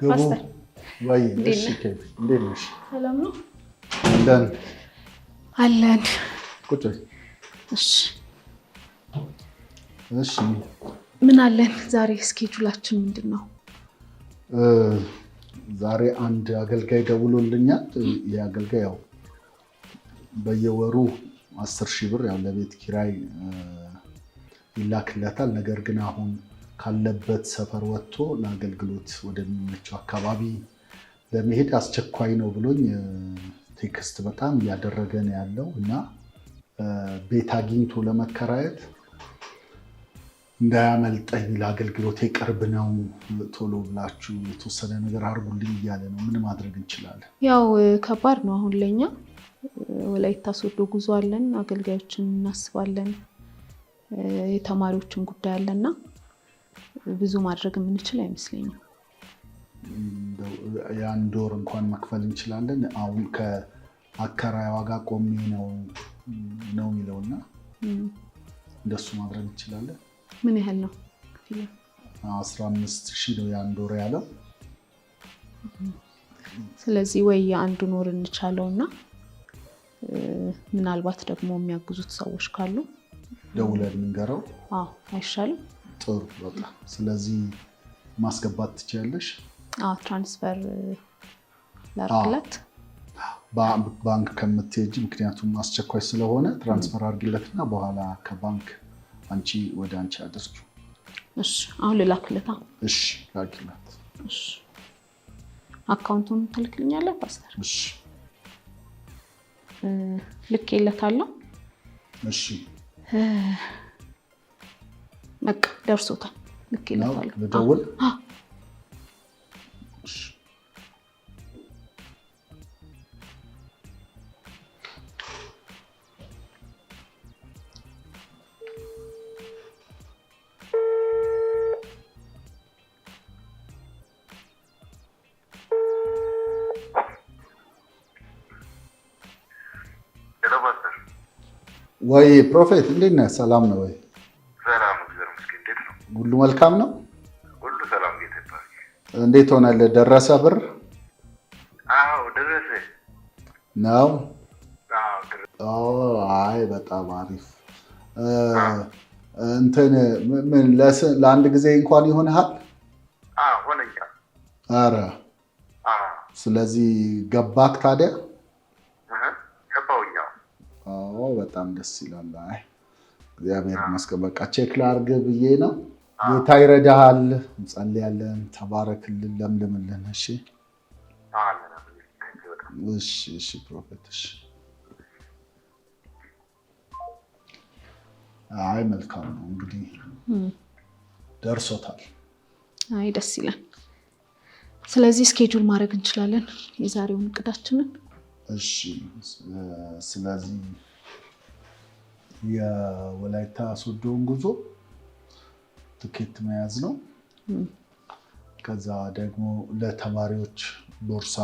여보, 맛있다. አለን ምን አለን? ዛሬ እስኬጁላችን ምንድን ነው? ዛሬ አንድ አገልጋይ ደውሎልኛል። ይህ ያው በየወሩ አስር ሺህ ብር ያው ለቤት ኪራይ ይላክለታል። ነገር ግን አሁን ካለበት ሰፈር ወጥቶ ለአገልግሎት ወደሚመቸው አካባቢ ለመሄድ አስቸኳይ ነው ብሎኝ ቴክስት በጣም እያደረገ ነው ያለው እና ቤት አግኝቶ ለመከራየት እንዳያመልጠኝ ለአገልግሎት የቅርብ ነው፣ ቶሎ ብላችሁ የተወሰነ ነገር አድርጉልኝ እያለ ነው። ምን ማድረግ እንችላለን? ያው ከባድ ነው አሁን ለኛ ወላይታ ሶዶ ጉዞ አለን፣ አገልጋዮችን እናስባለን፣ የተማሪዎችን ጉዳይ አለና ብዙ ማድረግ የምንችል አይመስለኝም። የአንድ ወር እንኳን መክፈል እንችላለን። አሁን ከአከራይዋ ዋጋ ቆሜ ነው ነው የሚለው እና እንደሱ ማድረግ እንችላለን። ምን ያህል ነው ክፍያ? አስራ አምስት ሺህ ነው የአንድ ወር ያለው። ስለዚህ ወይ የአንዱን ወር እንቻለው እና ምናልባት ደግሞ የሚያግዙት ሰዎች ካሉ ደውለን የምንገረው አይሻልም? ጥሩ በጣም ስለዚህ ማስገባት ትችያለሽ። ትራንስፈር ላርግለት ባንክ ከምትሄጅ ምክንያቱም አስቸኳይ ስለሆነ ትራንስፈር አርግለትና በኋላ ከባንክ አንቺ ወደ አንቺ አድርጊው። እሺ፣ አሁን ልላክለታ? እሺ፣ ላኪላት። አካውንቱን ትልክልኛለህ ፓስተር? እሺ፣ ልኬለታለሁ። እሺ፣ በቃ ደርሶታል። ልኬለታለሁ። ልደውል? ወይ ፕሮፌት፣ እንዴት ነህ? ሰላም ነው ወይ? ሰላም እግዚአብሔር ይመስገን። እንዴት ነው? ሁሉ መልካም ነው? ሁሉ ሰላም ጌታ ይባርክ። እንዴት ሆነልህ? ደረሰ ብር? አዎ ደረሰ ነው። አይ በጣም አሪፍ እንትን ምን ለአንድ ጊዜ እንኳን ይሆንሃል? ሆነኛ። አረ ስለዚህ ገባክ ታዲያ በጣም ደስ ይላል። አይ እግዚአብሔር ይመስገን። በቃ ቼክ ላርግ ብዬ ነው። ጌታ ይረዳሃል። እንጸልያለን። ተባረክልን፣ ለምልምልን። እሺ እሺ እሺ ፕሮፌት እሺ። አይ መልካም ነው እንግዲህ ደርሶታል። አይ ደስ ይላል። ስለዚህ እስኬጁል ማድረግ እንችላለን የዛሬውን እቅዳችንን። እሺ ስለዚህ የወላይታ ሶዶውን ጉዞ ትኬት መያዝ ነው። ከዛ ደግሞ ለተማሪዎች ቦርሳ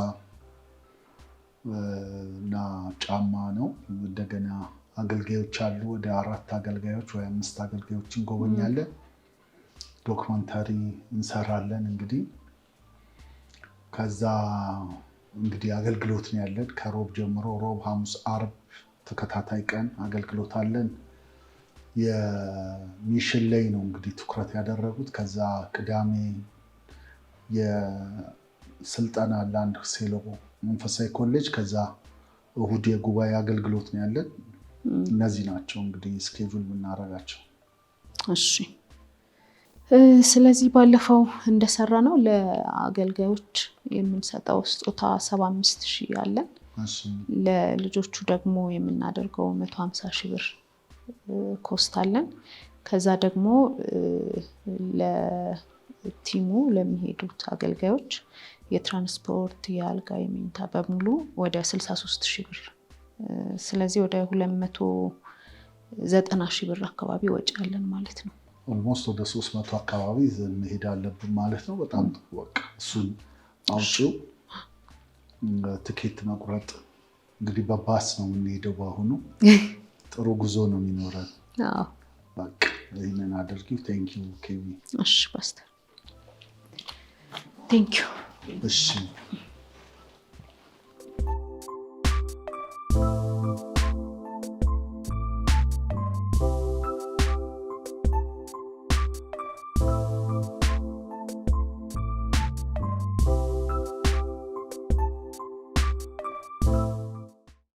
እና ጫማ ነው። እንደገና አገልጋዮች አሉ። ወደ አራት አገልጋዮች ወይ አምስት አገልጋዮች እንጎበኛለን። ዶክመንታሪ እንሰራለን። እንግዲህ ከዛ እንግዲህ አገልግሎት ነው ያለን ከሮብ ጀምሮ ሮብ፣ ሐሙስ፣ አርብ ተከታታይ ቀን አገልግሎት አለን። የሚሽን ላይ ነው እንግዲህ ትኩረት ያደረጉት። ከዛ ቅዳሜ የስልጠና ለአንድ ሴሎ መንፈሳዊ ኮሌጅ፣ ከዛ እሁድ የጉባኤ አገልግሎት ነው ያለን። እነዚህ ናቸው እንግዲህ ስኬጁል የምናደርጋቸው። እሺ ስለዚህ ባለፈው እንደሰራ ነው ለአገልጋዮች የምንሰጠው ስጦታ ሰባ አምስት ሺህ አለን ለልጆቹ ደግሞ የምናደርገው መቶ ሀምሳ ሺህ ብር ኮስት አለን። ከዛ ደግሞ ለቲሙ ለሚሄዱት አገልጋዮች የትራንስፖርት የአልጋ የመኝታ በሙሉ ወደ 63 ሺህ ብር፣ ስለዚህ ወደ 290 ሺህ ብር አካባቢ ወጪ አለን ማለት ነው። ኦልሞስት ወደ 300 አካባቢ መሄድ አለብን ማለት ነው። በጣም ወቅ እሱን አውጪው ትኬት መቁረጥ እንግዲህ በባስ ነው የምንሄደው። በአሁኑ ጥሩ ጉዞ ነው የሚኖረን። ይህንን አድርጊው። ቴንኪው ኬሚ። እሺ ፓስተር እሺ